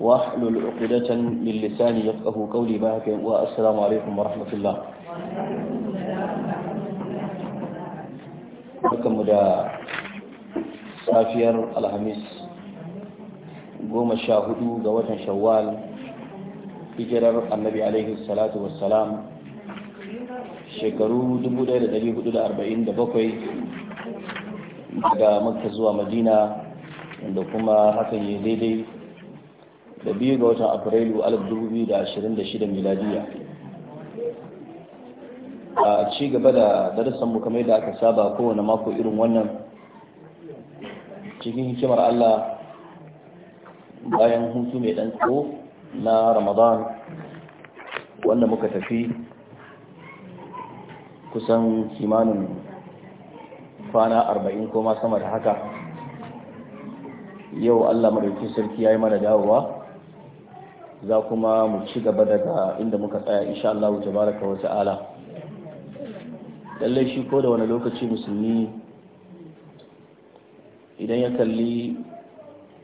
واحلل عقدة من لساني يفقه قولي باك والسلام عليكم ورحمة الله barkanmu da safiyar alhamis goma sha hudu ga watan shawwal hijirar annabi alaihi salatu wassalam shekaru dubu da da da dari hudu arba'in 1447 daga makka zuwa madina da kuma hakan ya daidai da biyu ga watan afrilu 2026 miladiya a ci gaba da darasan mu kamar da aka saba kowane mako irin wannan cikin hikimar Allah bayan hutu mai dan tsoho na ramadan wanda muka tafi kusan kimanin kwana arba'in koma sama da haka yau Allah madauki sarki ya yi mana dawowa za kuma mu ci gaba daga inda muka tsaya insha Allah tabaraka wa ta'ala lallai shi ko da wani lokaci musulmi idan ya kalli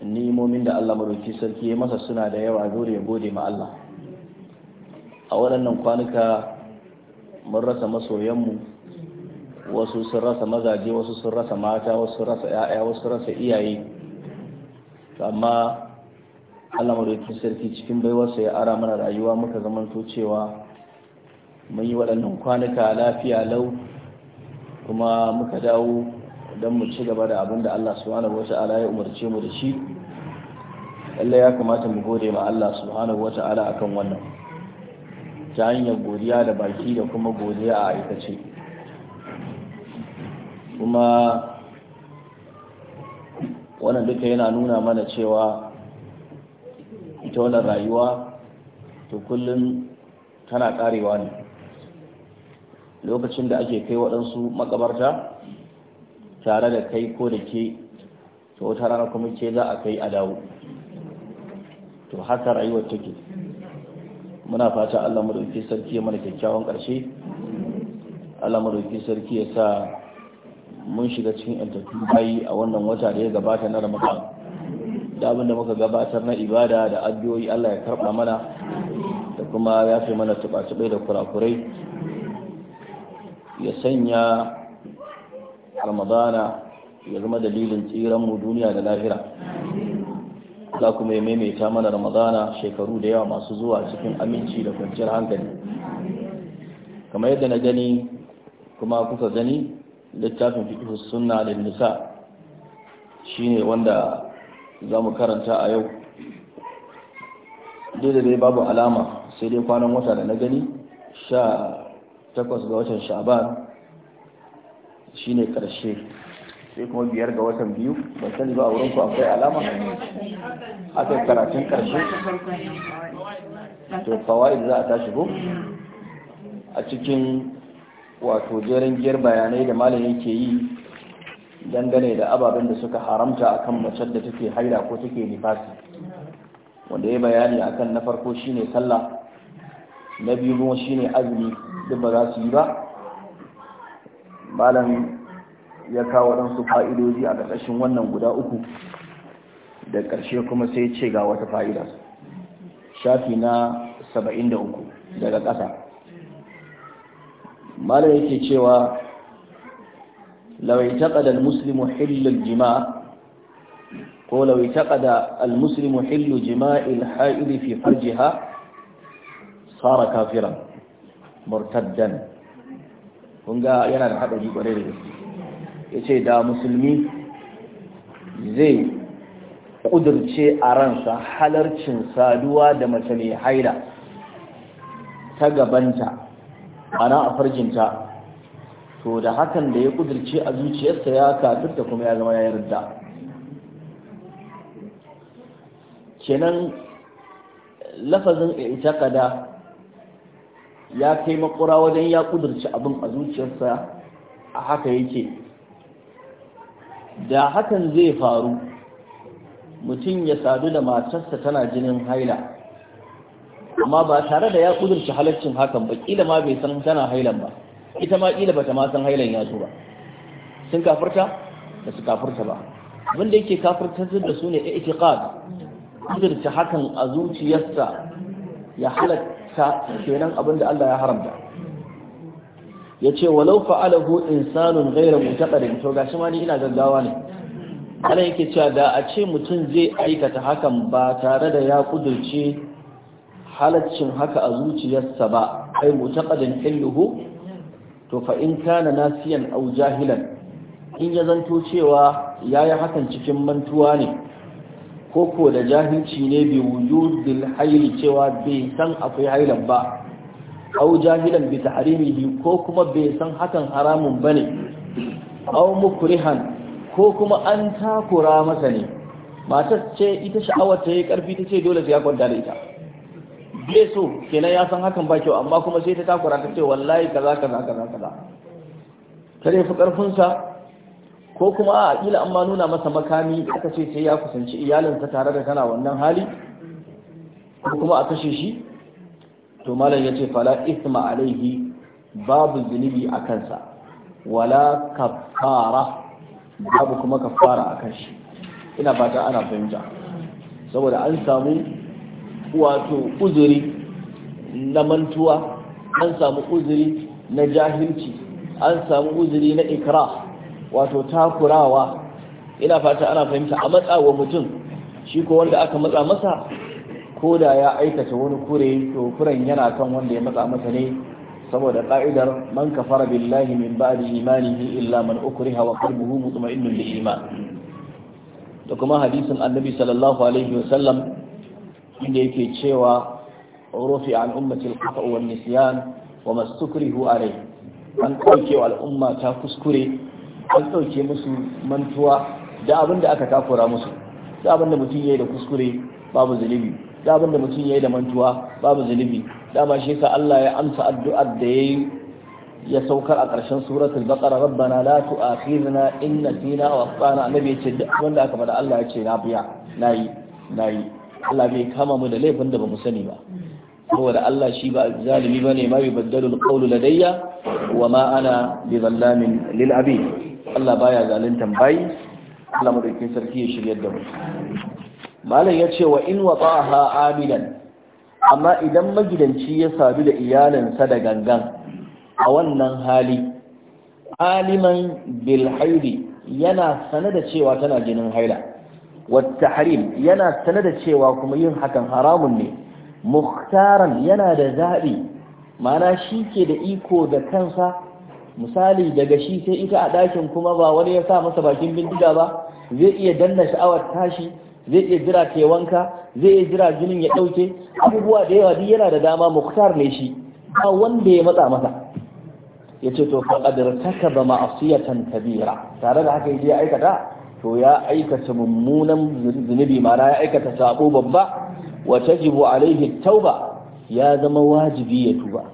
ni'imomin da Allah madauki sarki ya masa suna da yawa dole ya gode ma Allah a waɗannan kwanuka mun rasa masoyanmu wasu sun rasa mazaje wasu sun rasa mata wasu sun rasa 'ya'ya wasu sun rasa iyaye amma Allah madaukakin sarki cikin baiwarsa ya ara mana rayuwa muka zamanto cewa mun yi waɗannan kwanuka lafiya lau kuma muka dawo don mu ci gaba da abin da Allah subhanahu wata'ala ya umarce mu da shi lallai ya kamata mu gode ma Allah subhanahu wata'ala akan wannan ta hanyar godiya da baki da kuma godiya a aikace kuma wannan duka yana nuna mana cewa ita wannan rayuwa to kullum tana karewa ne lokacin da ake kai waɗansu makabarta tare da kai ko da ke to wata rana kuma ke za a kai a dawo to haka rayuwar take muna fata Allah madauki sarki ya mana kyakkyawan ƙarshe Allah madauki sarki ya sa mun shiga cikin yantattu bayi a wannan wata da ya gabata na Ramadan da abin da muka gabatar na ibada da addu'o'i Allah ya karɓa mana da kuma ya fi mana tuba-tubai da kurakurai ya sanya ramadana ya zama dalilin tsiran mu duniya da lahira Allah kuma ya maimaita mana ramadana shekaru da yawa masu zuwa cikin aminci da kwanciyar hankali kamar yadda na gani kuma kuka gani littafin fikihu sunna da nisa shine wanda za mu karanta a yau Dole da dai babu alama sai dai kwanan wata da na gani sha takwas ga watan sha'ban ne karshe sai kuma biyar ga watan biyu Ba sani ba a wurin ku akwai alama aka karatun karshe to fawai za a tashi ko a cikin wato jerin giyar bayanai da malam yake yi dangane da ababen da suka haramta a kan macen da take haida ko take nifasi wanda ya bayani akan na farko shine sallah na biyu kuma shine azumi duk ba za su yi ba malam ya kawo waɗansu fa'idoji a ƙarƙashin wannan guda uku da ƙarshe kuma sai ce ga wata fa'ida shafi na saba'in 73 daga ƙasa malam yake cewa لو اعتقد المسلم حل الجماع ولو اعتقد المسلم حل جماع الحائض في فرجها صار كافرا مرتدا kunga yana da haɗari ƙwarai da gaske ya ce da musulmi zai ƙudurce a ransa halarcin saduwa da mace mai haila ta gabanta ana a farjinta to da hakan da ya kudurce a zuciyarsa ya da kuma ya zama ya yarda kenan lafazin i'taqada ya kai makura wajen ya kudirce abin a zuciyarsa a haka yake da hakan zai faru mutum ya sadu da matarsa tana jinin haila amma ba tare da ya kudurci halaccin hakan ba kila ma bai san tana hailan ba ita ma kila bata ma san hailan ya zo ba sun kafirta da su kafirta ba abin yake kafirtar da su ne i'tiqad ta hakan a zuciyarsa ya halatta kenan abin da Allah ya haramta ya ce walau fa'alahu insanun ghairu mutaqaddin to gashi ma ni ina gaggawa ne Allah yake cewa da a ce mutum zai aikata hakan ba tare da ya kudurce halaccin haka a zuciyarsa ba ai mutaqaddin illuhu to fa in kana nasiyan aw jahilan in ya zanto cewa yayi hakan cikin mantuwa ne ko ko da jahilci ne bi wujudil hayli cewa bai san akwai hailan ba aw jahilan bi tahrimihi ko kuma bai san hakan haramun bane aw mukrihan ko kuma an takura masa ne matar ce ita sha'awar ta yi karfi ta ce dole sai ya kwanta da ita bai so kenan ya san hakan ba kyau amma kuma sai ta takura ta ce wallahi kaza kaza kaza kaza kare fi karfinsa ko kuma a ƙila an ma nuna masa makami aka ce sai ya kusanci iyalinsa tare da tana wannan hali ko kuma a kashe shi to malam ya ce fala isma alaihi babu zunubi a kansa wala kafara babu kuma kafara a kan shi ina fata ana fahimta saboda an samu wato uzuri na mantuwa an samu uzuri na jahilci an samu uzuri na ikra wato takurawa ina fata ana fahimta a matsa wa mutum shi ko wanda aka matsa masa ko da ya aikata wani kure to kuren yana kan wanda ya matsa masa ne saboda ka'idar man kafara billahi min ba'di imanihi illa man ukriha wa qalbuhu mutma'innun bil iman da kuma hadisin annabi sallallahu alaihi wasallam inda yake cewa rufi an ummati al-khata wa nisyan wa mastukrihu alayhi an dauke wa al'umma ta kuskure an dauke musu mantuwa da abin da aka takura musu da abin da mutum yayi da kuskure babu zulubi da abin da mutum yayi da mantuwa babu zulubi dama shi yasa Allah ya amsa addu'ar da yayi ya saukar a ƙarshen suratul baqara rabbana la tu'akhidna in nasina wa akhtana annabi ya ce duk wanda aka bada Allah ya ce na biya nayi nayi Allah bai kama mu da laifin da bamu sani ba saboda Allah shi ba zalimi bane ma bi baddalu qawlu ladayya wa ma ana bi zallamin lil abi Allah baya zaluntan bayi Allah madaukin sarki ya shirya da mu malam ya ce wa in ha amilan amma idan magidanci ya sadu da iyalinsa da gangan a wannan hali aliman bil haidi yana sanar da cewa tana jinin haila والتحريم ينا سند cewa kuma yin hakan haramun ne Muktaran yana da zabi mana shi ke da iko da kansa misali daga shi sai ita a ɗakin kuma ba wani ya sa masa bakin bindiga ba zai iya danna sha'awar tashi zai iya jira ta wanka zai iya jira jinin ya ɗauke abubuwa da yawa duk yana da dama muktar ne shi ba wanda ya matsa masa ya ce to faƙadar taka ba ma'asiyatan kabira tare da haka ya aikata to ya aikata mummunan zunubi ma'ana ya aikata sabo babba wa tajibu alaihi tauba ya zama wajibi ya tuba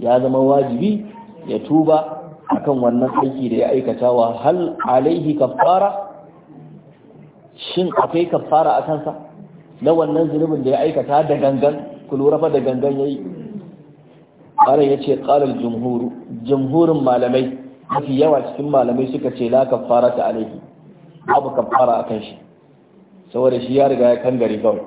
ya zama wajibi ya tuba akan wannan aiki da ya aikata wa hal alaihi kaffara shin akwai kaffara a kansa na wannan zunubin da ya aikata da gangan kulurafa da gangan yayi ƙarar ya ce ƙarar jumhuru jumhurin malamai mafi yawa cikin malamai suka ce la kaffara ta alaihi babu kafara akan shi saboda shi ya riga ya kangare kawai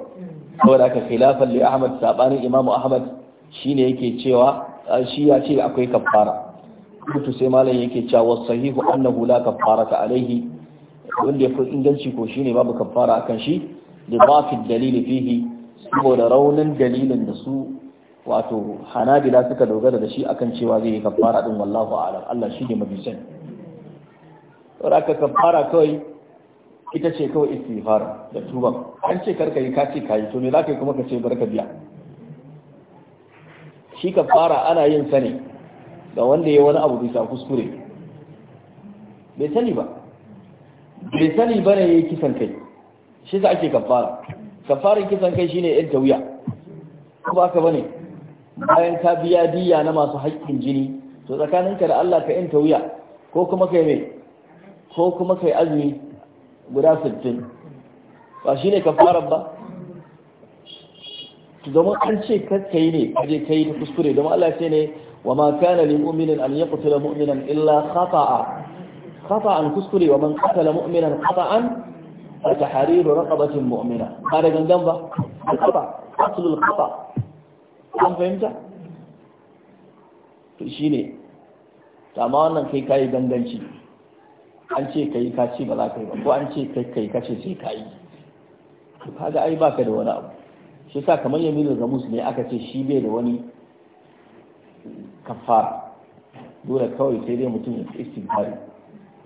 saboda aka khilafan li Ahmad sabanin Imam Ahmad shine yake cewa shi ya ce akwai kafara kutu sai malam yake cewa sahihu annahu la kafarata alaihi wanda yafi inganci ko shine babu kafara akan shi li bafi dalili fihi saboda raunin dalilin da su wato hanabila suka dogara da shi akan cewa zai yi kafara din wallahu a'lam Allah shi ne mafi saboda aka kafara kawai ita ce kawai istighfar da tuba an ce karka yi ka ce to me za ka yi kuma ka ce barka biya shi ka fara ana yin sa ne ga wanda ya wani abu bisa kuskure bai sani ba bai sani ba ne ya yi kisan kai shi za ake kafara kafarin kisan kai shine yan tawiya ko ba ka bane bayan ka biya diya na masu haƙƙin jini to tsakaninka da Allah ka yan tawiya ko kuma kai me ko kuma kai azumi guda sittin ba shi ne kafarar ba domin an ce kakka yi ne kaje kai ta kuskure domin Allah ce ne wa ma kana lil mu'minin an yaqtula mu'minan illa khata'a khata'an kuskure wa man qatala mu'minan khata'an fa tahriru raqabatin mu'mina ba da gangan ba khata aslul khata an fahimta to shine ma wannan kai kai ganganci an ce ka yi ka ba za ka yi ba ko an ce kai kai ka ce sai ka yi to kaga ai baka da wani abu shi yasa kamar yaminu musu ne aka ce shi bai da wani kafara dole kawai sai dai mutum ya istighfari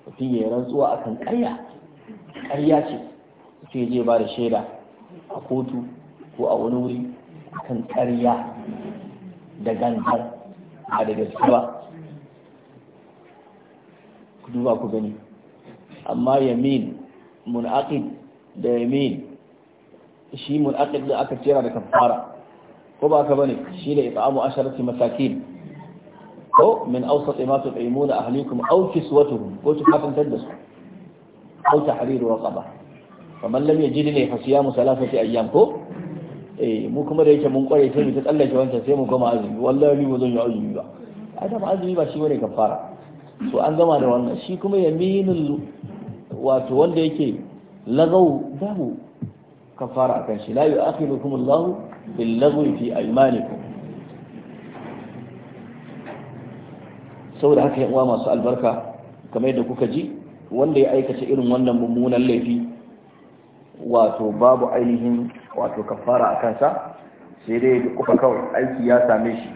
mutum ya rantsuwa akan ƙarya ƙarya ce sai je ba da shaida a kotu ko a wani wuri kan ƙarya da gantar a da gaske ku duba ku gani amma yamin munaqid da yamin shi munaqid da aka cera da kafara ko ba ka bane shi ne it'amu asharati masakin ko min awsat ma tut'imuna ahlikum aw kiswatuhum ko tukatantar da su aw tahrir raqaba faman lam yajid ne fa siyamu thalathati ayyam ko eh mu kuma da yake mun kware sai mu ta tsallake wancan sai mu gama azumi wallahi ni bazan yi azumi ba adam azumi ba shi bane kafara to an gama da wannan shi kuma yaminul wato wanda yake lagau babu kafara a kanshi la yu'akhirukum Allah bil lagu fi aymanikum saboda haka yawa masu albarka kamar yadda kuka ji wanda ya aikata irin wannan mummunan laifi wato babu ainihin wato kafara a kansa sai dai da kuka kawai aiki ya same shi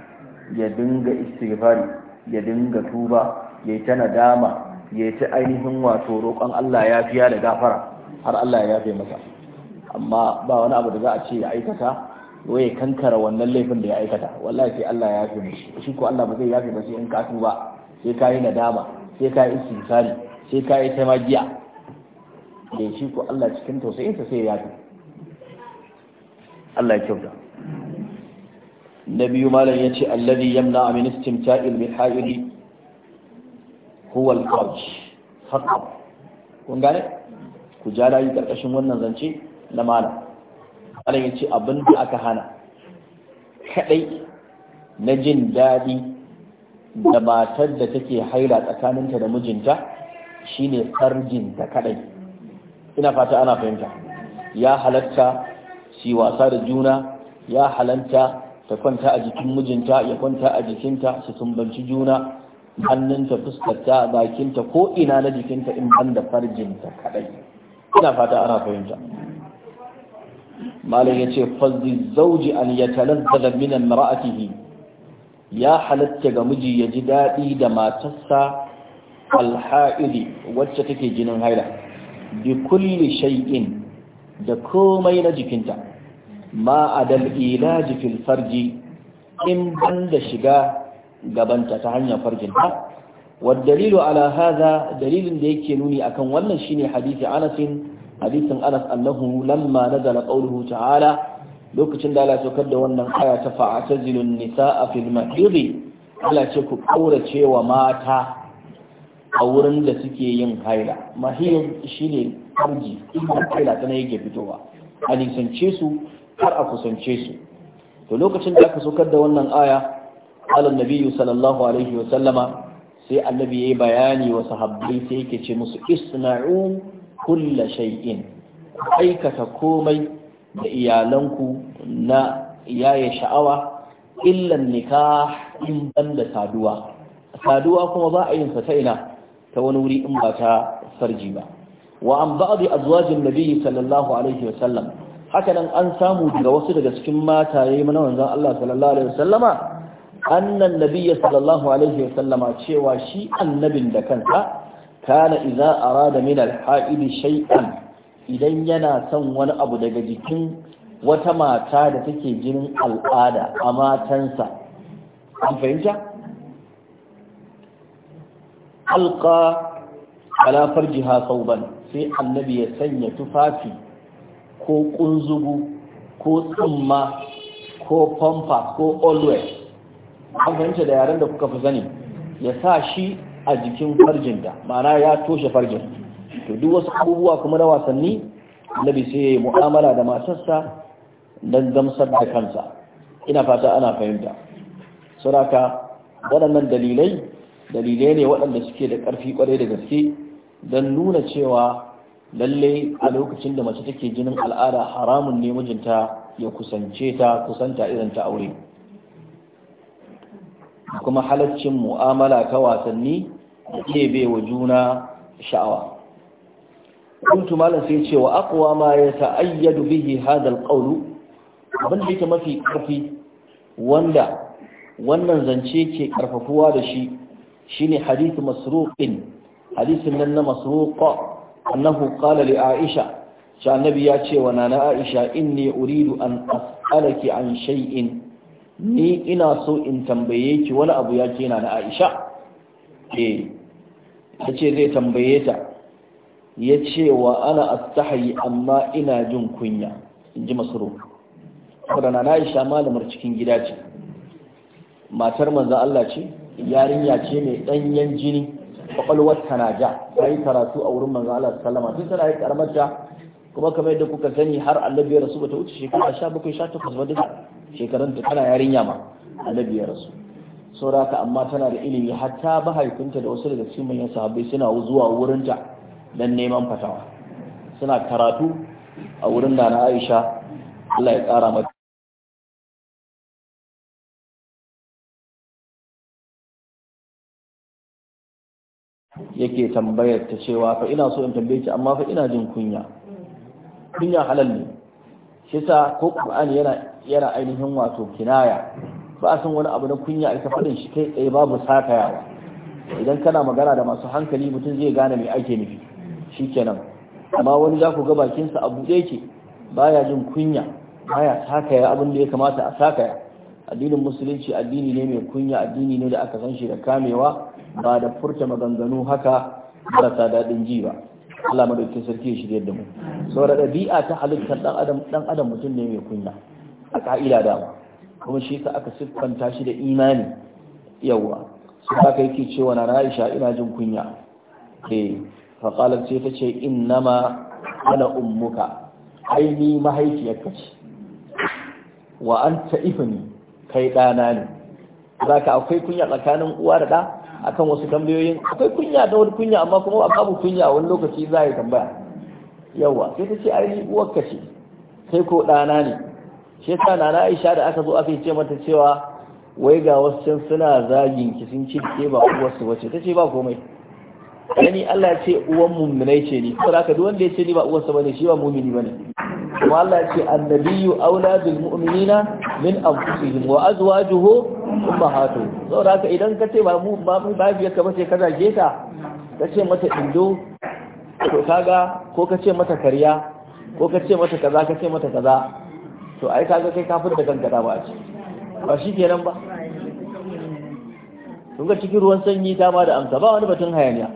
ya dinga istighfari ya dinga tuba ya ta nadama ya ci ainihin wato roƙon Allah ya fiya da gafara har Allah ya yafe masa amma ba wani abu da za a ce ya aikata ko ya kankara wannan laifin da ya aikata wallahi sai Allah ya yafe mishi shi ko Allah ba zai yafe ba sai in ka tuba sai ka yi nadama sai ka yi istighfari sai ka yi tamajiya da eh, shi ko Allah cikin tausayinsa sai ya yafe Allah ya kyauta na biyu malam ya ce allazi yamna min istimta'il biha'ili Kowal al-farj faqat kun gane ku ja layi karkashin wannan zance na malam malam yace abin da aka hana kadai na jin daɗi da matar da take haila tsakaninta da mijinta shine farjin da kadai ina fata ana fahimta ya halatta su wasa da juna ya halanta ta kwanta a jikin mijinta ya kwanta a jikinta su tumbanci juna hannunta fuskarta bakinta ko ina na jikinta in ban da farjinta kadai ina fata ana fahimta malam yace fazzi zauji an yatalazzaza min imra'atihi ya halatta ga miji ya ji daɗi da matarsa alha'idi wacce take jinin haila bi kulli shay'in da komai na jikinta ma adal ilaji fil farji in ban da shiga gabanta ta hanyar farjinta والدليل على هذا دليل ديك نوني أكن ولن شيني حديث أنس حديث أنس أنه لما نزل قوله ta'ala. lokacin da Allah ya saukar da wannan aya ta fa'atazilun nisaa fil mahidi Allah ce ku kaurace wa mata a wurin da suke yin haila mahid shine farji inda haila tana yake fitowa a nisance su har a kusance su to lokacin da aka saukar da wannan aya قال النبي صلى الله عليه وسلم sai annabi ya yi bayani wa sahabbai sai yake ce musu isna'u kulla shay'in aikata komai da iyalanku na yaye sha'awa illan nikah in ban da saduwa saduwa kuma ba a yin sa ta ina ta wani wuri in ba ta sarji ba wa an ba'd azwajin nabi sallallahu alaihi wasallam haka nan an samu daga wasu daga cikin mataye na wanzan Allah sallallahu alaihi wasallama annan nabiyya sallallahu alaihi wa sallama cewa shi annabin da kansa kana idza arada min al idan yana son wani abu daga jikin wata mata da take jinin al'ada a matansa an fahimta alqa ala farjiha sauban sai annabi ya sanya tufafi ko kunzugu ko tsumma ko pampa ko always an fahimta da yaren da kuka fi sani ya sa shi a jikin farjinta ma'ana ya toshe farjin to duk wasu abubuwa kuma na wasanni nabi sai ya yi mu'amala da matarsa don gamsar da kansa ina fata ana fahimta suraka waɗannan dalilai dalilai ne waɗanda suke da ƙarfi ƙwarai da gaske don nuna cewa lalle a lokacin da mace take jinin al'ada haramun ne mijinta ya kusance ta kusanta irin ta aure kuma halaccin mu'amala ta wasanni da ɗebe wa juna sha'awa kuntu malam sai ce wa ma ya ta'ayyadu bihi hadha alqawl abin da mafi karfi wanda wannan zance ke karfafuwa da shi shine hadith masruqin hadisin nan na masruqa annahu qala li aisha cha annabi ya ce wa nana aisha inni uridu an as'alaki an shay'in ni ina so in tambaye ki wani abu ya kena na na aisha ke eh, ta ce zai tambaye ta ya ce wa ana astahayi amma ina jin kunya in ji masoro da na aisha malamar cikin gida ce matar manzan Allah ce yarinya ce mai ɗanyen jini kwakwalwar tana ja ta yi karatu a wurin manzan Allah sallama tun tana yi karamar kuma kamar yadda kuka sani har annabi su rasu bata wuce shekara sha bakwai sha takwas ba duka shekarun ta tana yarinya ma annabi rasu sauraka amma tana da ilimi hatta mahaifinta da wasu daga cikin manyan sahabbai suna zuwa wurinta don neman fatawa suna karatu a wurin da na Aisha Allah ya kara mata yake tambayar ta cewa fa ina so in tambaye ki amma fa ina jin kunya kunya halal ne shi yasa ko Qur'ani yana yana ainihin wato kinaya ba a san wani abu na kunya a faɗin shi kai tsaye babu sakayawa idan kana magana da masu hankali mutum zai gane mai ake nufi kenan amma wani za ku ga bakinsa a da yake baya jin kunya baya sakaya abin da ya kamata a sakaya addinin musulunci addini ne mai kunya addini ne da aka san shi da kamewa ba da furta maganganu haka marasa daɗin ji ba Allah madaukakin sarki ya shirye da mu saboda ɗabi'a ta halittar ɗan adam dan adam mutum ne mai kunya a ka'ida dama kuma shi ka aka siffanta shi da imani yawa su kai yake cewa na Aisha ina jin kunya eh fa qala sai ta ce innama ana ummuka ai ni ka ce wa anta ibni kai ɗana ne zaka akwai kunya tsakanin uwa da ɗa akan wasu tambayoyin akwai kunya da wani kunya amma kuma babu kunya wani lokaci za a yi tambaya yawa sai ta ce ai ka ce sai ko ɗana ne shi yasa nana Aisha da aka zo aka ce mata cewa wai ga wasu can suna zagin ki sun ci ke ba uwarsu wace ta ce ba komai yani Allah ya ce uwan mummunai ce ni kuma haka duk wanda ya ce ni ba uwarsa bane shi ba mumini bane kuma Allah ya ce annabiyyu aula bil mu'minina min anfusihim wa azwajuhu ummahatu saboda haka idan ka ce ba mu ba mu ba biya ka sai ka zage ta ka ce mata indo to kaga ko ka ce mata karya ko ka ce mata kaza ka ce mata kaza to ai kaga kai ka da kanka da ba ce ba shi kenan ba kun ga cikin ruwan sanyi ta ba da amsa ba wani batun hayaniya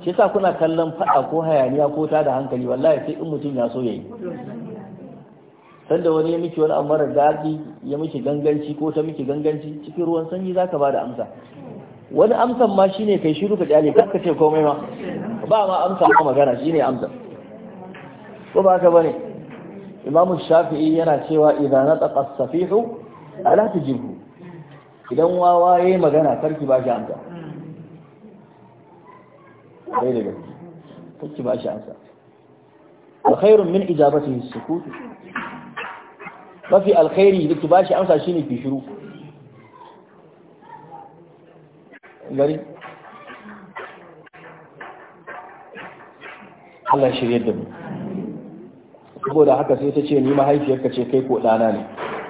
shi yasa kuna kallon fada ko hayaniya ko ta da hankali wallahi sai in mutum ya so yayi sanda wani ya miki wani abu mara daɗi ya miki ganganci ko ta miki ganganci cikin ruwan sanyi za ba bada amsa wani amsan ma shine kai shiru ka kyale ka ce komai ma ba ma amsa ko magana shine amsa ko ba ka bane imamu shafi'i yana cewa idan nataqa tsaka safihu ala tujibu idan wawa yayi magana karki ba shi amsa dai da karki ba shi amsa wa khairun min ijabatihi mafi alkhairi da ki bashi amsa shine ki shiru gari Allah shirye da mu saboda haka sai ta ce ni mahaifiyarka ce kai ko ɗana ne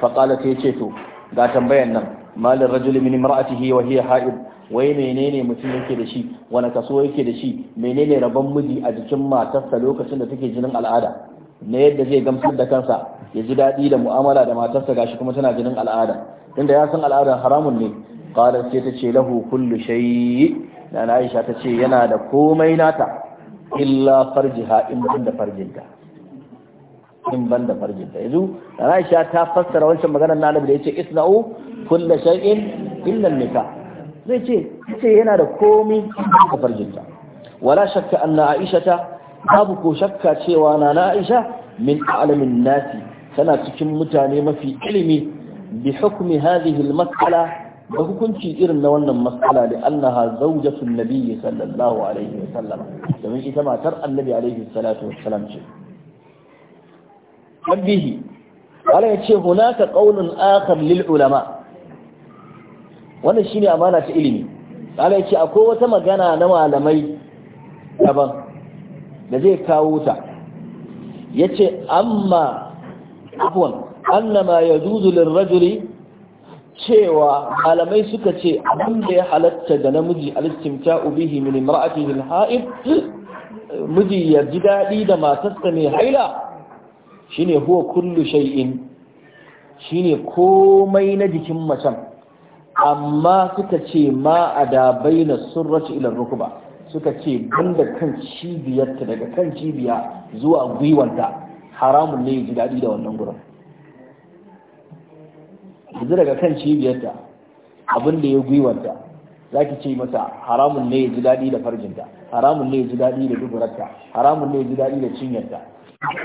qala ta ce to ga tambayan nan malin rajul min imra'atihi wa hiya ha'id wai menene mutum yake da shi wani kaso yake da shi menene rabon miji a jikin matarsa lokacin da take jinin al'ada na yadda zai gamsar da kansa ya ji daɗi da mu'amala da matarsa gashi kuma tana jinin al'ada inda ya san al'adar haramun ne qalat sai ta ce lahu kullu shay na Aisha ta ce yana da komai nata illa farjiha in ban da farjinta in ban da farjinta yanzu na Aisha ta fassara wancan maganar na da yace isna'u kullu shay'in illa nika. zai ce ce yana da komai da farjinta wala shakka anna Aisha ta babu ko shakka cewa na Aisha min a'lamin nasi tana cikin mutane mafi ilimi bi hukumi hadhihi al-mas'ala da hukunci irin na wannan mas'ala da annaha zawjatu nabiyyi sallallahu alaihi wa sallam domin ita matar annabi alaihi salatu salam ce nabihi wala yace hunaka qaulun akhar lil ulama wannan shine amana ta ilimi wala yace akwai wata magana na malamai daban da zai kawo ta yace amma afwan annama yajuzu lirrajuli cewa malamai suka ce abin da ya halatta da namiji al-istimta'u bihi min imra'atihi miji ya ji daɗi da matarsa mai haila ne huwa kullu Shi shine komai na jikin macen amma suka ce ma a da baina surrati ila suka ce banda kan cibiyarta daga kan cibiya zuwa gwiwanta haramun ne ji daɗi da wannan gurin yanzu daga kan cibiyarta abin da ya gwiwanta za ki ce masa haramun ne ya ji daɗi da farjinta haramun ne ya ji daɗi da duburarta haramun ne ya ji daɗi da cinyarta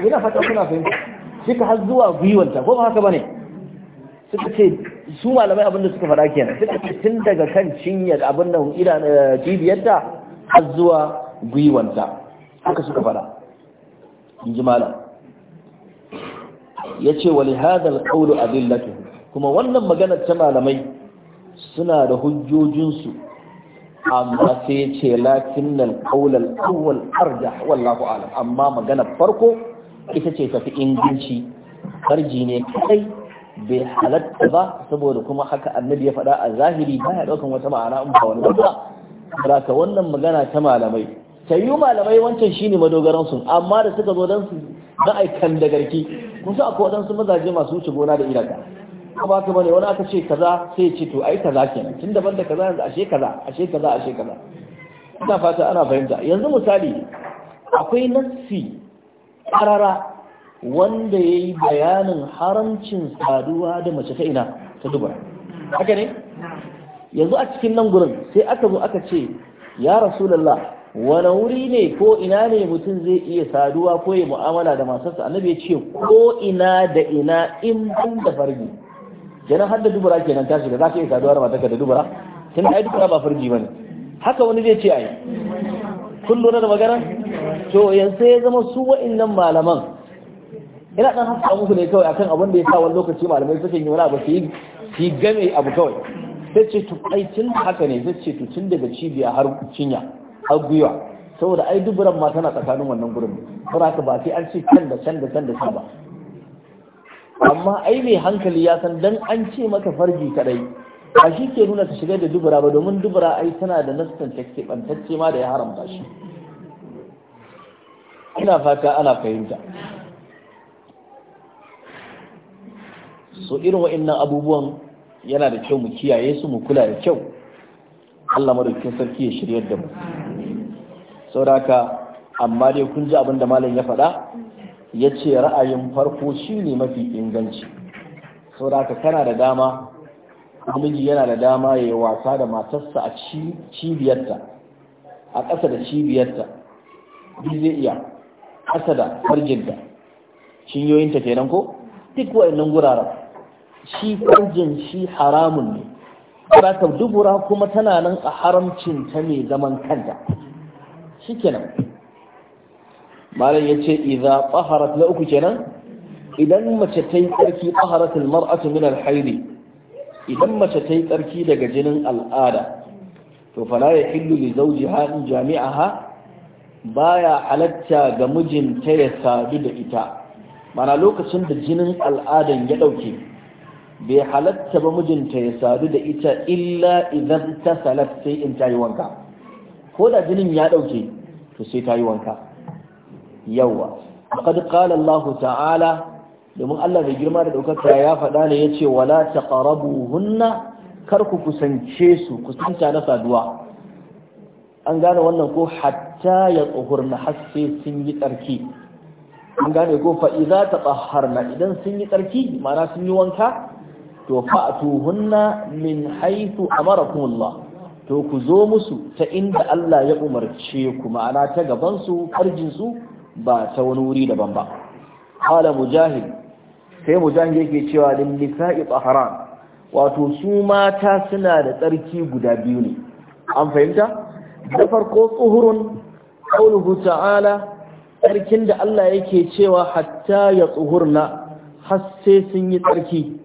yana fata kuna fahimta suka har zuwa gwiwanta ko ba haka ba ne suka ce su malamai abin da suka faɗa kenan suka ce tun daga kan cinyar abin da eh, cibiyarta har zuwa gwiwanta haka suka fara in ji malam ya ce wali hadal ƙaulu adillatu kuma wannan maganar ta malamai suna da hujjojinsu amma sai ya ce lakin nan ƙaular awwal arda wallahu ala. amma maganar farko ita ce tafi inginci farji ne kai bai halatta ba saboda kuma haka annabi ya faɗa a zahiri ba ya ɗaukan wata ma'ana in wani wata Raka wannan magana ta malamai ta yi malamai wancan shine madogaransu amma da suka zo don su na a da garki kun sa akwai mazaje masu wuce gona da iraka ka ba ka bane wani aka ce kaza sai ce to ai kaza kenan tun daban da kaza yanzu ashe kaza ashe kaza ashe kaza ina fata ana fahimta yanzu misali akwai nassi karara wanda ya yi bayanin haramcin saduwa da mace ta ina ta dubara haka ne yanzu a cikin nan gurin sai aka zo aka ce ya rasulullah wani wuri ne ko ina ne mutum zai iya saduwa ko ya mu'amala da masu annabi ya ce ko ina da ina in ban da farji janar har da dubura kenan tashi da za ka iya saduwa da matarka da dubura tun da ai dubura ba farji ne, haka wani zai ce ai kun lura da magana to yanzu ya zama su nan malaman ina ɗan haska musu ne kawai akan abin da ya sa wani lokaci malamai suke yi wani abu su yi game abu kawai sai ce to ai tun haka ne zai ce to tun daga cibiya har cinya har gwiwa saboda ai duburan ma tana tsakanin wannan gurin kuma haka ba sai an ce can da can da can da ba amma ai mai hankali ya san dan an ce maka farji kadai a shi ke nuna ta shiga da dubura ba domin dubura ai tana da nassan keɓantacce ma da ya haramta shi ina fata ana fahimta so irin wa'annan abubuwan yana da kyau mu kiyaye su mu kula da kyau Allah madaukakin sarki ya shiryar da mu sauraka amma dai kun ji abin da malam ya faɗa ya ce ra'ayin farko shi ne mafi inganci sauraka kana da dama amiji yana da dama ya yi wasa da matarsa a cibiyarta a ƙasa da cibiyarta duk zai iya ƙasa da farjinta shinyoyinta kenan ko duk wa'annan guraren shi farjin shi haramun ne ka dubura kuma tana nan a haramcin ta mai zaman kanta shi kenan malam ya ce idan taharat na uku kenan idan mace ta yi tsarki taharat almar'atu min alhaidi idan mace ta yi tsarki daga jinin al'ada to fala ya hillu li zawjiha in ha, baya halatta ga mijinta ya sadu da ita mana lokacin da jinin al'adan ya dauke bai halatta ba mijinta ya sadu da ita illa idan ta salat sai in ta yi wanka ko da jinin ya ɗauke to sai ta yi wanka yawa qad qala Allah ta'ala domin Allah da girma da daukaka ya faɗa ne yace wala taqrabuhunna kar ku kusance su kusanta na saduwa an gane wannan ko hatta ya tsohurna har sai sun yi tsarki an gane ko fa'iza ta tsaharna idan sun yi tsarki ma'ana sun yi wanka to fa'tuhunna min haythu amarakum Allah to ku zo musu ta inda Allah ya umarce ku ma'ana ta gaban su farjin su ba ta wani wuri daban ba qala mujahid sai mujahid yake cewa lin nisa'i tahran wato su mata suna da tsarki guda biyu ne an fahimta da farko tsuhurun qauluhu ta'ala tsarkin da Allah yake cewa hatta ya tsuhurna har sai sun yi tsarki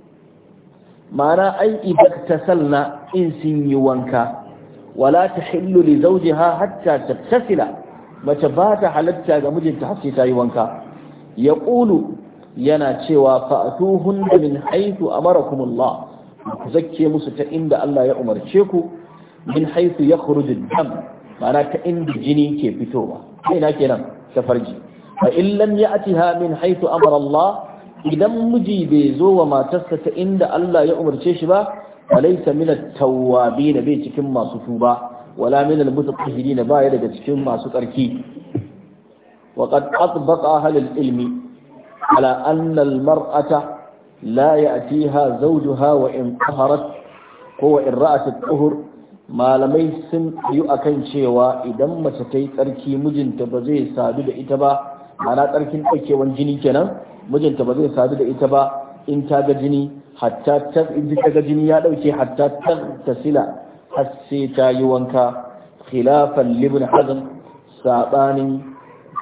ma'ana ai idaktasalna in sun yi wanka wala tahillu li zawjiha hatta tattasila mace ba ta halatta ga mijinta har sai ta yi wanka yaqulu yana cewa fa'atuhunna min haythu amarakumullah ku zakke musu ta inda Allah ya umarce ku min haythu yakhruju ad-dam ma'ana ta inda jini ke fitowa kai na kenan ta farji fa in ya'tiha min haythu amara Allah idan miji bai zo wa matarsa ta inda Allah ya umarce shi ba walaysa min at na bai cikin masu tuba wala min al-mutatahhirin na baya daga cikin masu tsarki wa qad atbaqa ahli al-ilmi ala anna al-mar'ata la ya'tiha zawjuha wa in taharat ko wa in ra'at at-tuhur malamai sun yi akan cewa idan mace ta yi tsarki mijinta ba zai sadu da ita ba ana ƙarfin ɗaukewan jini kenan mijinta ba zai sadu da ita ba in ta ga jini hatta ta in ta ga jini ya ɗauke hatta ta tasila har sai ta yi wanka khilafan libin hazm saɓanin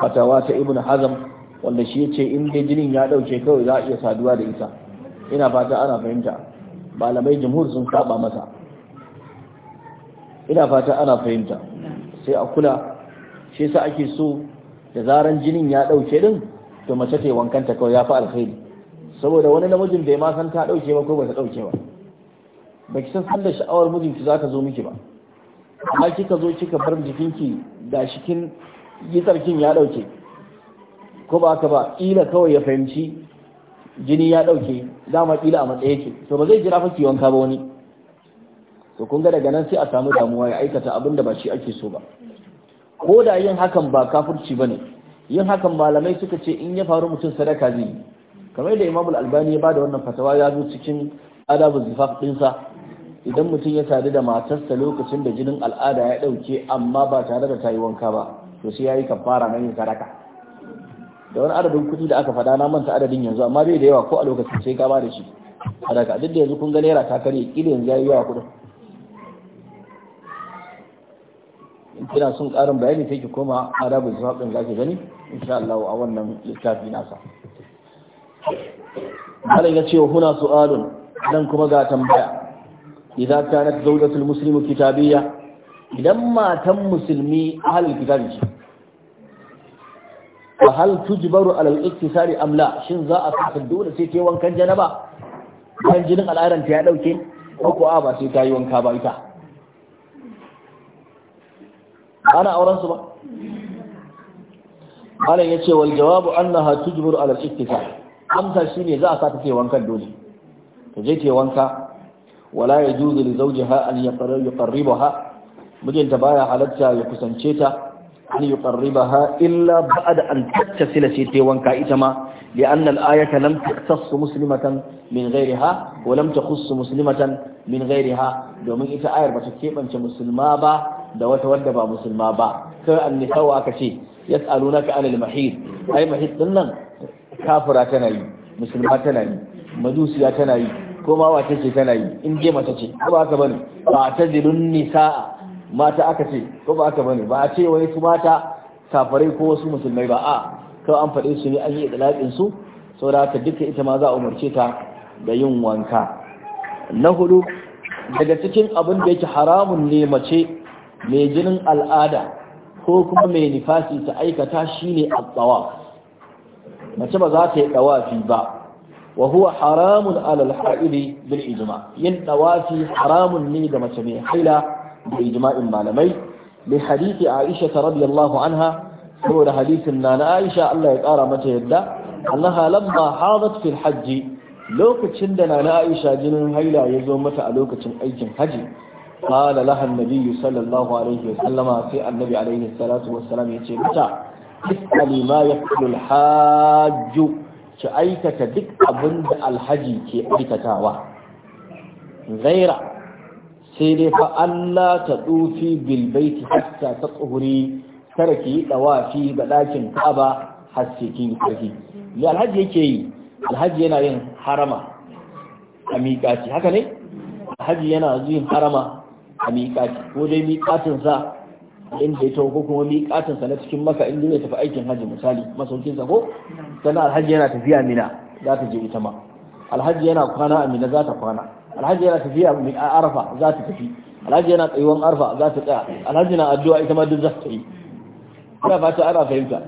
fatawa ta ibn hazm wanda shi yace in dai jinin ya ɗauke kawai za a iya saduwa da ita ina fata ana fahimta malamai jamhur sun saba masa ina fata ana fahimta sai a kula shi yasa ake so da zaran jinin ya ɗauke din to mace ta wankanta kawai ya fi alkhairi saboda wani namijin bai ma san ta ɗauke ba ko ba ta ɗauke ba ba ki san da sha'awar mijinki za ka zo miki ba amma kika zo kika bar jikinki da shikin gitsarkin ya ɗauke ko ba haka ba ƙila kawai ya fahimci jini ya ɗauke dama ƙila a matsayi ce to ba zai jira fa wanka wanka ba wani to kun ga daga nan sai a samu damuwa ya aikata abin da ba shi ake so ba ko da yin hakan ba kafirci bane yin hakan malamai suka ce in ya faru mutum sadaka zai yi kamar da imamul albani ya bada wannan fatawa ya zo cikin adabu zifaf dinsa idan mutum ya sadu da matarsa lokacin da jinin al'ada ya dauke amma ba tare da tayi wanka ba to sai yayi kafara na yin sadaka da wani adadin kuɗi da aka fada na manta adadin yanzu amma bai da yawa ko a lokacin sai ka ba da shi sadaka duk da yanzu kun ga naira ta kare kila yanzu yayi yawa kudin in kina son ƙarin bayani sai ki koma arabu zaɓin za ke gani insha Allah a wannan littafi nasa malam ya ce huna su'alun dan kuma ga tambaya idan kanat zawjatul muslimu kitabiyya idan matan musulmi ahli kitabi ce wa hal tujbaru ala al-iktisari am la shin za a saka dole sai ta wankan janaba kan jinin al'adar ya dauke ko ko a ba sai ta yi wanka ba ita ana auren su ba malam yace wal jawabu annaha tujbur ala al-ittifa amsa shine za a sa ta ce wankan dole ta je ta wanka wala yajuzu li zawjiha an yuqarribaha mijinta baya halatta ya kusance ta an yuqarribaha illa ba'da an tattasila sai ta wanka ita ma لأن الآية لم تختص min من غيرها ولم تخص مسلمة من غيرها domin ita ayar ba ta keɓance musulma ba da wata wadda ba musulma ba kai annisawa aka ce yas'alunaka anil mahid ai mahid din nan kafira tana yi musulma tana yi majusiya tana yi ko ma wace ce tana yi in je mace ce ko ba ka bane ba ta dilun nisaa mata aka ce ko ba ka bane ba a ce wai su mata kafirai ko wasu musulmai ba a ka an faɗe su ne an yi idlaƙin su saboda duka ita ma za a umarce ta da yin wanka na hudu daga cikin abin da yake haramun ne mace mai jinin al'ada ko kuma mai nifasi ta aikata shine a tawaf mace ba za ta yi ɗawafi ba wa huwa haramun alal ha'ili bil ijima yin tawafi haramun ne ga mace mai haila da ijma'in malamai li hadisi Aisha radiyallahu anha saboda hadisin na na Aisha Allah ya ƙara mata yadda annaha lamma hadat fil hajji lokacin da na na Aisha jinin haila ya zo mata a lokacin aikin haji قال لها النبي صلى الله عليه وسلم في النبي عليه الصلاة والسلام يتي متى اسألي ما يقول الحاج كأيكة دك أبند الحجي كأيكة تاوى غير سيري فألا تطوفي بالبيت حتى تطهري تركي دوافي بلاكن كأبا حسيكي تركي الحج يكي الحج ينا حرمة أميكاتي هكذا الحج ينا زين حرمة a miƙati ko dai miƙatinsa inda ya taho ko kuma miƙatinsa na cikin maka inda ya tafi aikin hajji misali masaukinsa ko sannan alhaji yana tafiya mina za ta je ita ma alhaji yana kwana a mina za ta kwana alhaji yana tafiya a arfa za ta tafi alhaji yana tsayuwan arfa za ta tsaya alhaji na addu'a ita ma duk za ta yi ina fata ana fahimta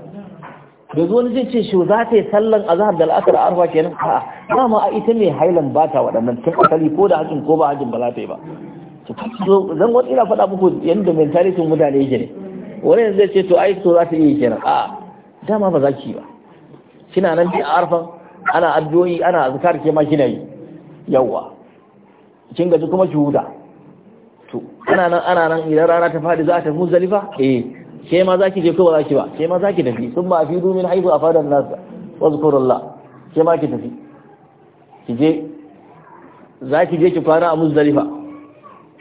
yanzu wani zai ce shi za ta yi sallan azhar da al'asar a arfa kenan a'a dama a ita ne hailan ba ta waɗannan tun asali ko da hajjin ko ba hajjin ba za ta yi ba zan wani ina faɗa muku yadda tarihin mutane yake ne wani yanzu zai ce to ai to za ta iya kenan a dama ba za ki ba kina nan bi a arfan ana addu'o'i ana azkar ke ma kina yi yawa kin gaji kuma ki huta to ana nan ana nan idan rana ta fadi za ta muzalifa eh ke ma zaki je ko ba zaki ba ke ma zaki tafi sun ba fi dumin haifu afadan nas wa zikrullah ke ma ki tafi ki je za ki je ki kwana a muzdalifa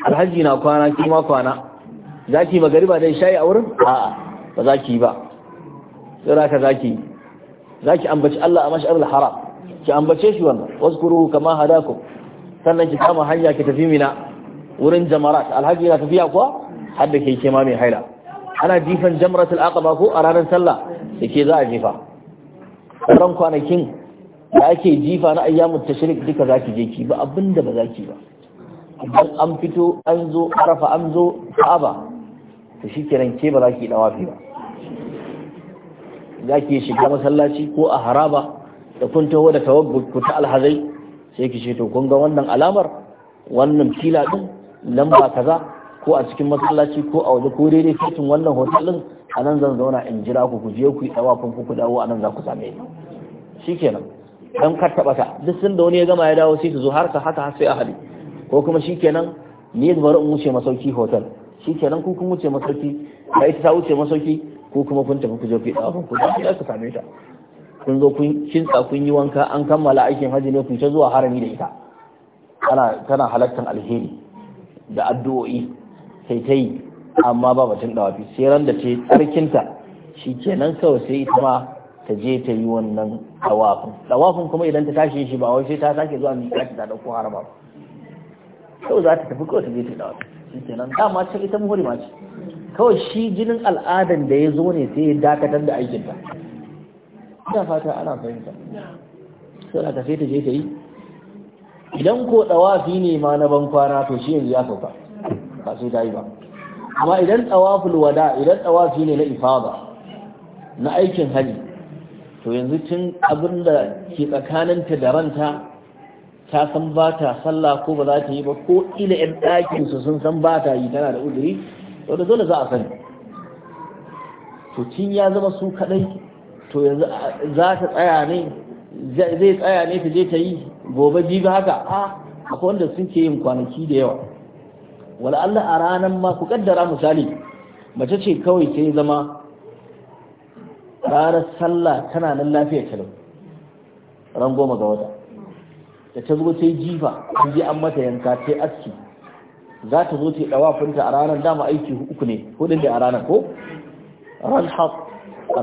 alhaji na kwana ki ma kwana za ki magariba dai shayi a wurin a'a ba za ki ba sai ka za ki za ki ambaci Allah a mashar haram ki ambace shi wannan waskuru kama hadaku sannan ki kama hanya ki tafi mina wurin jamarat alhaji na tafiya kuwa har da ke ma mai haila ana jifan jamratul aqaba ko a ranar sallah da ke za a jifa ran kwanakin da ake jifa na ayyamun tashirik duka zaki je ki ba abinda ba zaki ba idan an fito an zo arafa an zo ka'aba to shikenan ke ba za ki fi ba za ki shiga masallaci ko a haraba da kun taho da tawabbu ta alhazai sai ki ce to kun ga wannan alamar wannan fila din lamba kaza ko a cikin masallaci ko a waje ko daidai fitin wannan hotel din a nan zan zauna in jira ku ku je ku yi tsawafin ku ku dawo a nan za ku same ni shikenan dan kar taba ta duk sun da wani ya gama ya dawo sai su zo har ka haka har sai a hali ko kuma shikenan ni bari in wuce masauki hotel shikenan ku kun wuce masauki da ita ta wuce masauki ko kuma kun tafi ku je ku dawo ku da ka same ta kun zo kun kinsa kun yi wanka an kammala aikin haji ne ku ta zuwa harami da ita ana tana halattan alheri da addu'o'i sai ta yi amma ba batun dawafi sai ran da ce tsarkinta shikenan kawai sai ita ma ta je ta yi wannan tawafin tawafin kuma idan ta tashi shi ba wai sai ta sake zuwa miƙati ta dauko haraba ba kawai za ta tafi kawai ta je ta dawo kenan dama can ita ma ce kawai shi jinin al'adan da ya zo ne sai ya dakatar da aikinta ina fata ana fahimta sai na tafi ta je ta yi idan ko tsawafi ne ma na ban kwana to shi yanzu ya sauka ba sai ta yi ba amma idan tsawaful wada idan tsawafi ne na ifaba na aikin hali to yanzu tun abin da ke tsakaninta da ranta ta san ba ta sallah ko ba za ta yi ba ko ila yan ɗakin su sun san ba ta yi tana da uzuri to da dole za a sani to tun ya zama su kadai to yanzu za ta tsaya ne zai tsaya ne ta je ta yi gobe ba haka a akwai wanda sun ke yin kwanaki da yawa wala Allah a ranar ma ku kaddara misali mace ce kawai ta yi zama ranar sallah tana nan lafiya talau ran goma ga wata da ta zo ta yi jifa an je an mata yanka ta yi aski za ta zo ta yi ɗawafinta a ranar dama aiki uku ne hudun da a ranar ko ran haƙ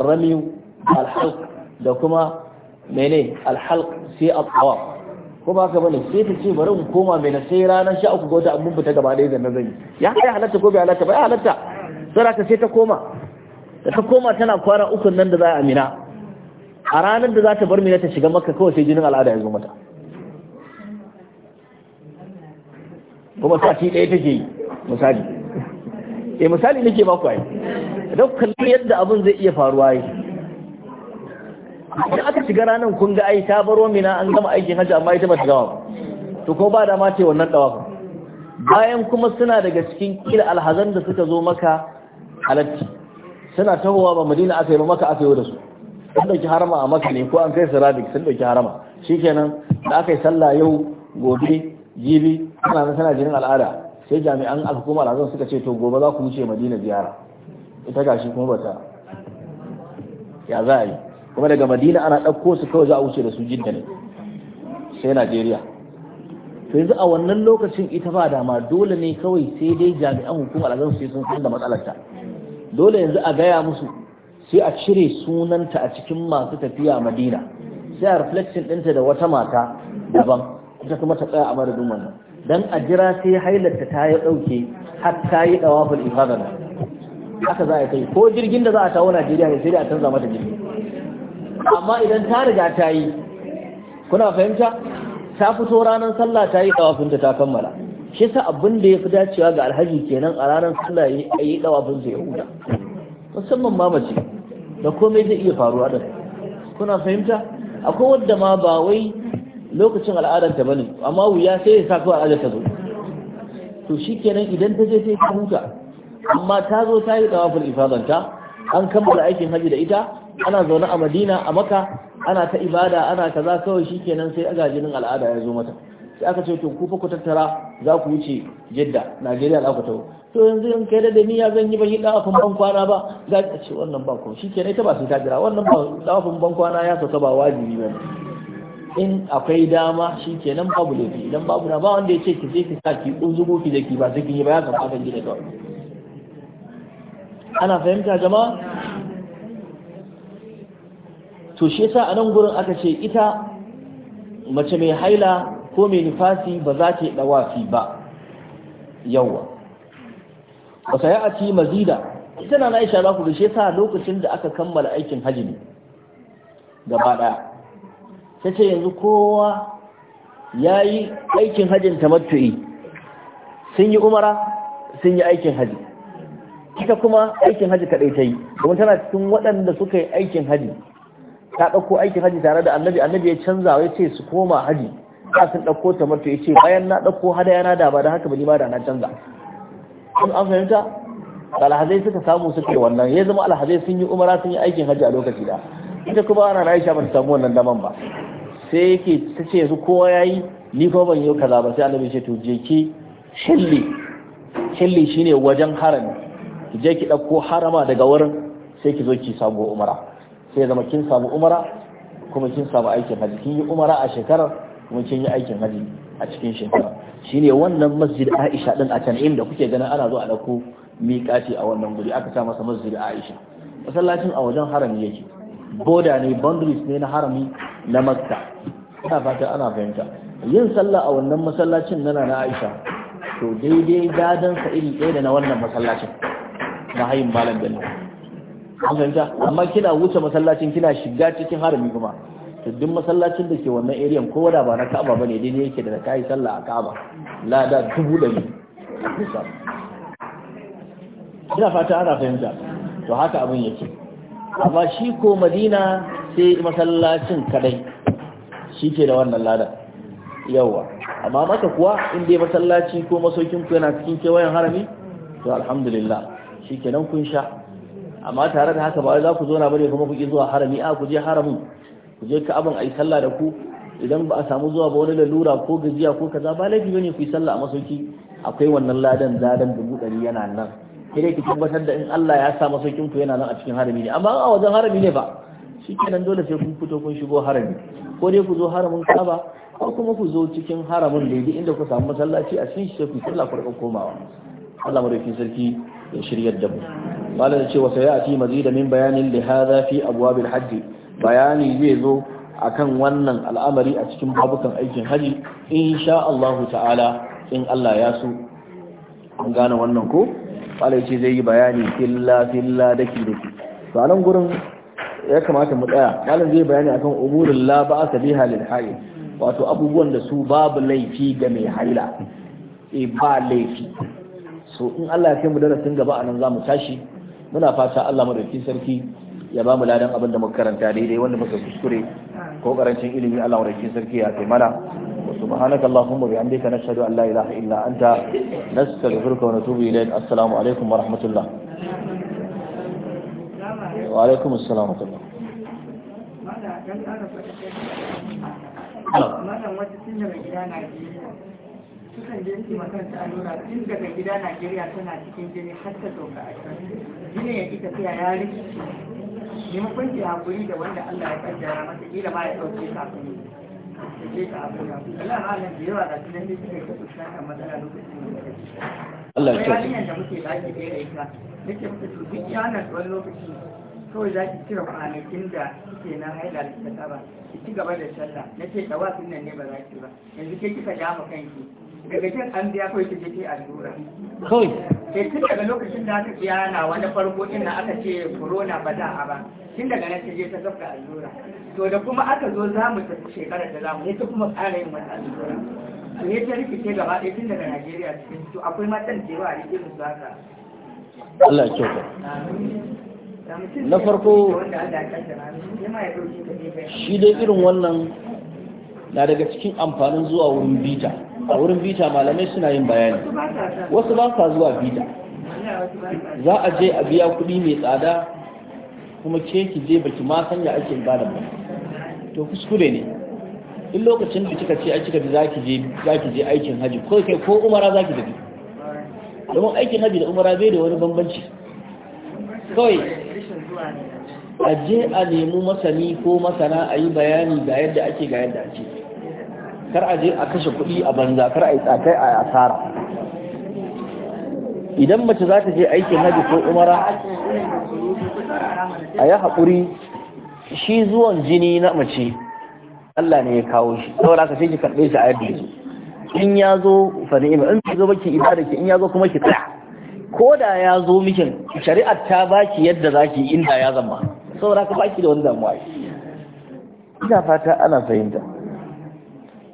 ramiyu alhalq da kuma mene alhalq sai a tsawaf ko ba ka bane sai ta ce bari in koma mai na sai ranar sha uku ga wata abin ta gaba ɗaya da na ya kai halatta ko bai halatta ba ya halatta sai ka sai ta koma da ta koma tana kwana ukun nan da za a amina a ranar da za ta bar mina ta shiga maka kawai sai jinin al'ada ya zo mata kuma sati ɗaya take yi misali eh misali nake ba ku ai da kallon yadda abun zai iya faruwa yi da aka shiga ranar kun ga ai ta baro mina an gama aikin hajji amma ita ba ta gama to ko ba da ma ce wannan dawa bayan kuma suna daga cikin kila alhazan da suka zo maka halatti suna tahowa ba madina aka yi ba maka aka yi da su sun dauki harama a maka ne ko an kai su rabik sun dauki harama shikenan da aka yi sallah yau gobe jibi ana nan sana jinin al'ada sai jami'an aka koma alhazan suka ce to gobe za ku wuce madina ziyara ita shi kuma bata ya za a yi kuma daga madina ana ɗauko su kawai za a wuce da su jidda ne sai najeriya to yanzu a wannan lokacin ita ba dama dole ne kawai sai dai jami'an hukumar alhazan sai sun san da matsalarta dole yanzu a gaya musu sai a cire sunanta a cikin masu tafiya madina sai a reflection ɗinta da wata mata daban ita kuma ta tsaya a madadin wannan dan a jira sai hailarta ta yi dauke har ta yi dawaful ifada haka za a kai ko jirgin da za a tawo Najeriya ne sai a canza mata jirgi amma idan ta riga ta yi kuna fahimta ta fito ranar sallah ta yi dawafin ta kammala shi sa abin da ya fi dacewa ga alhaji kenan a ranar sallah a yi ta ya huta musamman mamaci da komai zai iya faruwa da kuna fahimta akwai wadda ma ba wai lokacin al'adanta bane amma wuya sai ya sa kawai al'adar ta zo to shikenan idan ta je sai ta huta amma ta zo ta yi dawafin ifadanta an kammala aikin haji da ita ana zaune a madina a maka ana ta ibada ana kaza kawai shikenan sai aga al'ada ya zo mata sai aka ce to ku fa ku tattara za ku wuce jidda najeriya za ku tawo to yanzu in kai da ni ya zan yi bashi yi dawafin bankwana kwana ba za ka ce wannan ba ko shikenan ita ba sai ta jira wannan ba dawafin ban kwana ya sauka ba wajibi ba in akwai dama shi ke nan babu laifi idan babu na ba wanda ya ce ki je ki sa ki uzugo ki je ki ba sai kin yi ba ya kamata ki kawai ana fahimta jama'a to shi yasa a nan gurin aka ce ita mace mai haila ko mai nufasi ba za ta yi ɗawafi ba yawa a ci mazida ita na Aisha za ku da shi yasa lokacin da aka kammala aikin hajji gaba daya ta ce yanzu kowa ya yi aikin hajjin tamattu'i sun yi umara sun yi aikin hajji Kika kuma aikin hajji kaɗai ta yi domin tana cikin waɗanda suka yi aikin hajji ta ɗauko aikin hajji tare da annabi annabi ya canza ya ce su koma hajji ta sun ɗauko matu'i ce bayan na ɗauko hadayana da ba da haka ba ni ma da na canza sun an fahimta alhazai suka samu suka yi wannan ya zama alhazai sun yi umara sun yi aikin hajji a lokaci da ita kuma ana na aisha ba ta samu wannan daman ba sai yake ta ce yanzu kowa ya yi ni ko ban yi kaza ba sai annabi ce to je ki shilli shilli shine wajen harami ki je ki dauko harama daga wurin sai ki zo ki samu umara sai zama kin samu umara kuma kin samu aikin haji kin yi umara a shekarar kuma kin yi aikin haji a cikin shekara shine wannan masjid Aisha din a can inda kuke ganin ana zo a dauko miƙati a wannan guri aka sa masa masjid Aisha masallacin a wajen harami yake boda ne boundaries ne na harami na makka ina fata ana fahimta yin sallah a wannan masallacin nana na aisha to daidai gadon sa iri ɗaya da na wannan masallacin na hayin malam bello an fahimta amma kina wuce masallacin kina shiga cikin harami kuma to duk masallacin da ke wannan area ko wada ba na Ka'aba bane ne yake da kai yi sallah a Ka'aba lada dubu da ina fata ana fahimta to haka abin yake amma shi ko madina sai masallacin kadai shi ke da wannan ladan yawa amma maka kuwa inda ya masallaci ko masaukin ku yana cikin kewayen harami to alhamdulillah shi ke kenan kun sha amma tare da haka ba za ku zo na bane kuma ku ki zuwa harami a ku je haramin ku je a ayi sallah da ku idan ba a samu zuwa ba wani lalura ko gajiya ko kaza ba laifi bane ku yi sallah a masauki akwai wannan ladan zadan dubu ɗari yana nan sai ki tabbatar da in Allah ya sa masaukin ku yana nan a cikin harami ne amma a wajen harami ne ba shikenan dole sai kun fito kun shigo harami ko dai ku zo haramin Kaaba ko kuma ku zo cikin haramin da inda ku samu masallaci a cikin shi ku sallah ku komawa Allah madaukin sarki ya shiryar da mu malam ce wa sayati mazida min bayanin li hada fi abwab al-hajj bayani zai zo akan wannan al'amari a cikin babukan aikin haji insha Allah ta'ala in Allah ya so an gane wannan ko malai ce zai yi bayani filla filla daki daki to a nan gurin ya kamata mu tsaya malam zai bayani akan umurin la ba aka lil hayy wato abubuwan da su babu laifi ga mai haila e ba laifi so in Allah ya kai mu darasin gaba anan zamu tashi muna fata Allah madaukakin sarki ya ba mu ladan abin da muka karanta daidai wanda muka kuskure ko karancin ilimi Allah madaukakin sarki ya kai subhanaka allahumma bihamdika nashhadu an la ilaha illa anta nastaghfiruka wa natubu ilayk assalamu alaikum wa wa alaikum assalam wa wata daga gida Najeriya sukan je makaranta a allura tun daga gida Najeriya tana cikin jini har ta sauka a Jini ya ƙi tafiya ya rikici. Maimakon ki hakuri da wanda Allah ya kaddara masa kila ma ya ɗauke kafin Allah ya da muke zaki ɗaya ita nake muka tubi kyanar wani lokaci kawai za ki cire kwanakin da suke na haila da saba ki ci gaba da sallah na ce tawafin sunan ne ba za ki ba yanzu ke kika dama kanki daga jin an biya kawai ki je ki allura kawai sai tun daga lokacin da aka biya na wani farko din na aka ce corona ba za a ba Kin daga nan ta je ta zafka allura to da kuma aka zo za mu tafi shekarar da zamu ta kuma tsara yin wata allura to ya ta rikice gaba ɗaya tun daga Najeriya cikin to akwai matan da yawa a rikin za ka Allah ya kyauta na farko shi dai irin wannan na daga cikin amfanin zuwa wurin bita a wurin bita malamai suna yin bayani wasu ba sa zuwa bita za a je a biya kuɗi mai tsada kuma ke ki je baki ma sanya ake bada ba to kuskure ne in lokacin da kika ce a cika da zaki je aikin haji ko kai ko umara zaki tafi domin aikin haji da umara bai da wani bambanci kawai a je a nemi masani ko masana a yi bayani ga yadda ake ga yadda ake kar a je a kashe kuɗi a banza kar a yi tsakai a asara idan mace za ta je aikin haji ko umara a yi haƙuri shi zuwan jini na mace Allah ne ya kawo shi saboda ka sai ki karbe shi a yadda zo in ya zo fa ni'ima in ki zo baki ibada ki in ya zo kuma ki tsaya ko da ya zo mikin shari'ar ta baki yadda zaki inda ya zama saboda ka baki da wani damuwa ina fata ana fahimta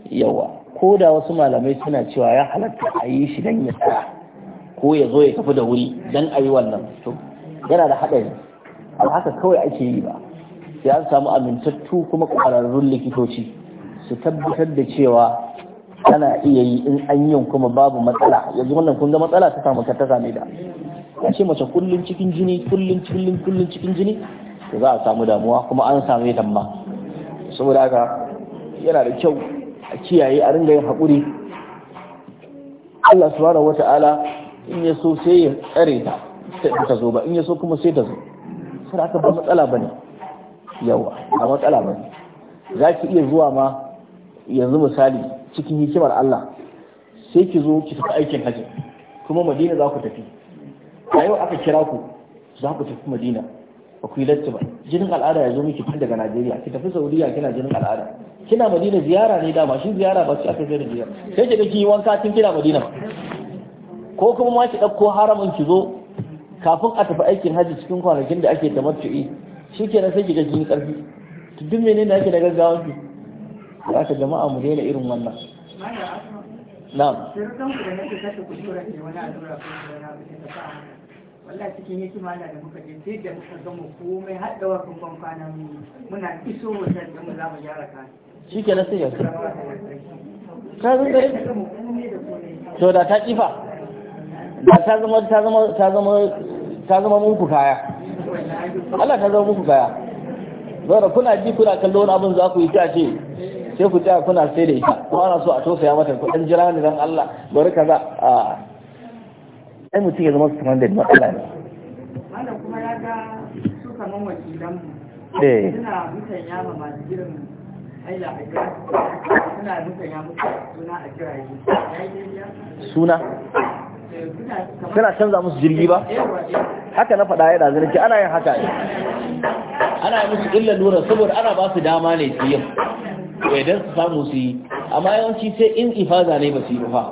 yawa ko da wasu malamai suna cewa ya halatta a yi shi dan ya tsaya ko ya zo ya tafi da wuri dan a yi wannan to yana da haɗari ba haka kawai ake yi ba sai an samu amintattu kuma ƙwararrun likitoci su tabbatar da cewa ana iya yi in an yin kuma babu matsala yanzu wannan kun ga matsala ta samu ta same da a ce mace kullum cikin jini kullum kullum kullum cikin jini to za a samu damuwa kuma an same ta ma saboda haka yana da kyau a kiyaye a ringa yin haƙuri Allah subhanahu wata'ala in ya so sai ya tsare ta ta zo ba in ya so kuma sai ta zo sai aka ba matsala bane yawa a matsala ba za ki iya zuwa ma yanzu misali cikin hikimar Allah sai ki zo ki tafi aikin hajji kuma madina za ku tafi a yau aka kira ku za ku tafi madina ba ku yi latti ba jinin al'ada ya zo miki fi daga najeriya ki tafi saudiya kina jinin al'ada kina madina ziyara ne dama shi ziyara ba su aka zai da ziyara sai ki dake wanka tun kina madina ko kuma ma ki ɗauko haramin ki zo kafin a tafi aikin hajji cikin kwanakin da ake da matu'i? shi ke sai ki ga jini ƙarfi to duk mene ne ake da gaggawa ki za ka jama'a mu daina irin wannan na'am wallahi cikin hikima na da muka je sai da muka gama komai har da wakon kwana mu muna iso wajen da mu za mu gyara ka shi ke sai yanzu ka zan da to da ta kifa da ta zama ta zama ta zama ta zama muku kaya Allah ta zama muku kaya Zora kuna ji kuna kallo wani abin za ku yi ta ce sai ku tsaya kuna sai da ita ko ana so a tausaya mata ku dan jira ni dan Allah bari kaza a ai mutum ya zama su kamar da matsala ne malam kuma ya ga su kaman wakilan mu eh suna mutan ma masu girin aila a jira suna mutan yama suna a kiraye suna tana canza musu jirgi ba haka na faɗa yana zarki ana yin haka ne ana yi musu illa nuna saboda ana ba su dama ne su yin idan su samu su yi amma yawanci sai in ifaza ne ba su yi ba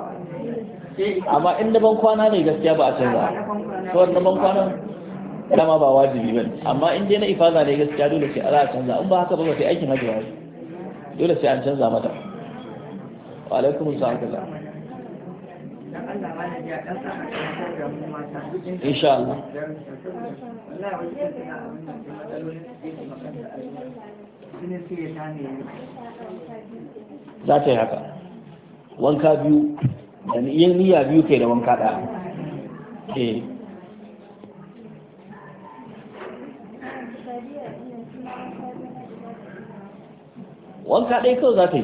amma in da ban kwana ne gaskiya ba a canza saboda na ban kwana dama ba wajibi ba amma in dai na ifaza ne gaskiya dole sai ala canza in ba haka ba sai aikin hajjawa dole sai an canza mata wa alaikum salam Allah ma a Allah za ta yi haka wanka biyu da yin niyya biyu ke da wanka ɗaya wanka ɗaya kawai za ta yi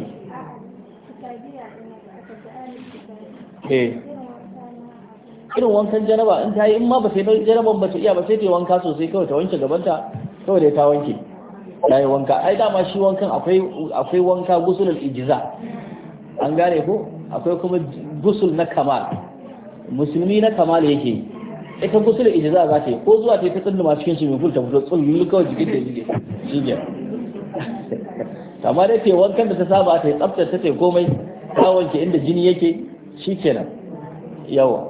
eh irin wankan janaba in ta yi in ma ba sai janaban ba ta iya ba sai ta yi wanka sosai kawai ta wanke gabanta kawai da ta wanke ta yi wanka ai dama shi wankan akwai wanka al-ijza an gane ko akwai kuma gusul na kamal musulmi na kamal yake ita al-ijza za ta yi ko zuwa ta yi ta tsunduma cikin shi mai fulta fito tsullu kawai jikin da jike jike amma dai ta wankan da ta saba ta yi tsabtar ta ta komai ta wanke inda jini yake kenan yawa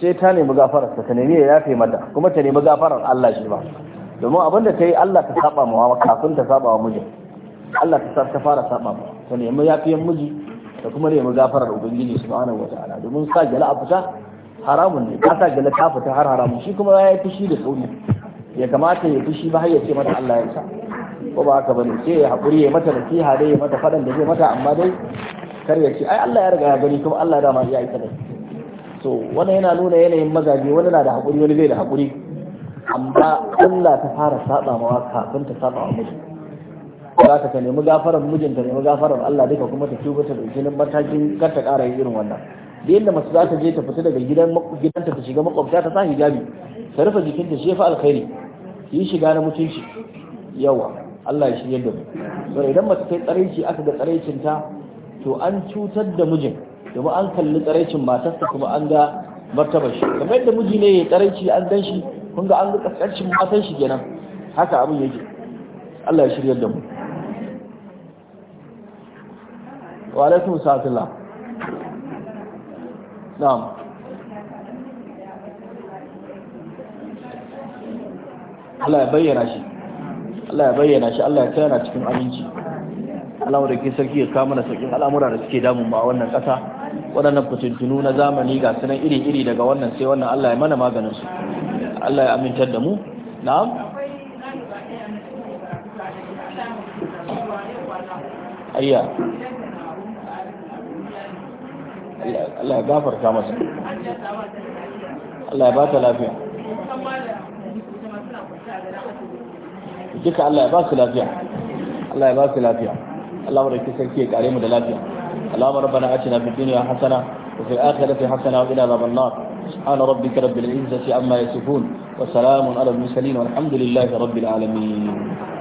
sai ta nemi gafarar ta nemi ya yafe mata kuma ta nemi gafarar Allah shi ba domin abin da ta yi Allah ta saba wa kafin ta saba wa mijin Allah ta ta fara saba ma ta nemi yafiyan miji da kuma nemi gafarar ubangiji subhanahu wataala domin sa gala a fita haramun ne ka sa gala ta fita har haramun shi kuma ya yi fushi da sauri ya kamata ya fushi ba har ya ce mata Allah ya sa ko ba haka bane sai ya haƙuri ya mata nasiha dai ya mata faɗan da zai mata amma dai kar ya ce ai Allah ya riga ya gani kuma Allah da dama ya aika da so wani yana nuna yanayin mazaje wani na da haƙuri wani zai da haƙuri amma Allah ta fara saba mawa kafin ta saba wa miji za ka ta nemi gafarar mijinta nemi gafarar Allah duka kuma ta tuba ta dauki matakin kar ta ƙara yin irin wannan da yadda masu za ta je ta fita daga gidan gidanta ta shiga makwabta ta sa hijabi ta rufe jikinta ta shefa alkhairi yi shiga na mutunci yawa Allah ya shirye da mu idan mace kai tsaraici aka ga tsaraicinta to an cutar da mijin domin an kalli tsaraicin matarsa kuma an ga martabar shi kamar yadda miji ne ya tsaraici an gan shi kun ga an ga kaskancin matan shi kenan haka abin yake Allah ya shirya da mu wa alaikum salam na'am Allah ya bayyana shi Allah ya bayyana shi Allah ya tsaya cikin aminci Allah da ke sarki ya kawo mana sauƙin al'amura da suke damun ba a wannan ƙasa waɗannan fitintunu na zamani ga sunan iri-iri daga wannan sai wannan Allah ya mana maganin su Allah ya amintar da mu na'am ayya Allah ya gafarta masa Allah ya ba ta lafiya duka Allah ya ba su lafiya Allah ya ba su lafiya Allah wadda sarki ya kare mu da lafiya اللهم ربنا آتنا في الدنيا حسنة وفي الآخرة حسنة وإلى باب النار سبحان ربك رب العزة عما يصفون وسلام على المرسلين والحمد لله رب العالمين